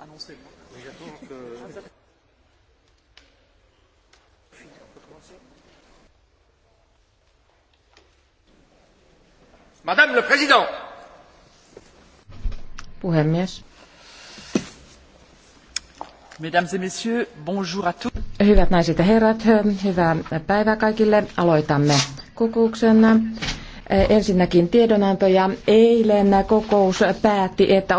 annoncé. Oui, ah, Madame le Président. Puhemies. Mesdames et messieurs, bonjour à tous. Hyvät naiset ja herrat, hyvää päivää kaikille. Aloitamme kokouksen. Ensinnäkin tiedonantoja. Eilen kokous päätti, että